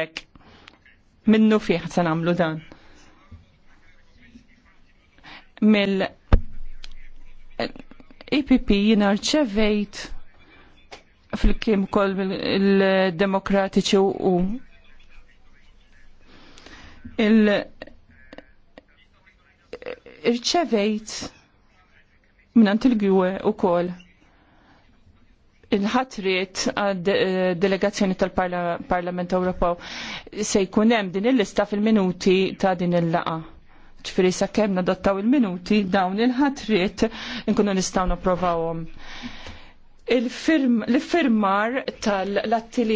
Ek, minnu fieħ se nagħmlu dan. Mill EPP jina rċevejt fil-kim kol il-demokratiċi u il- irċevejt minnant il gjue u kol il-ħatriet eh, delegazzjoni tal-Parlament Ewropew se jkun hemm din il-lista fil-minuti ta' din il-laqa. Ġifieri sakemm nadottaw il-minuti dawn il-ħatriet nkunu nistgħu nipprovawhom. Il-firmar tal-attili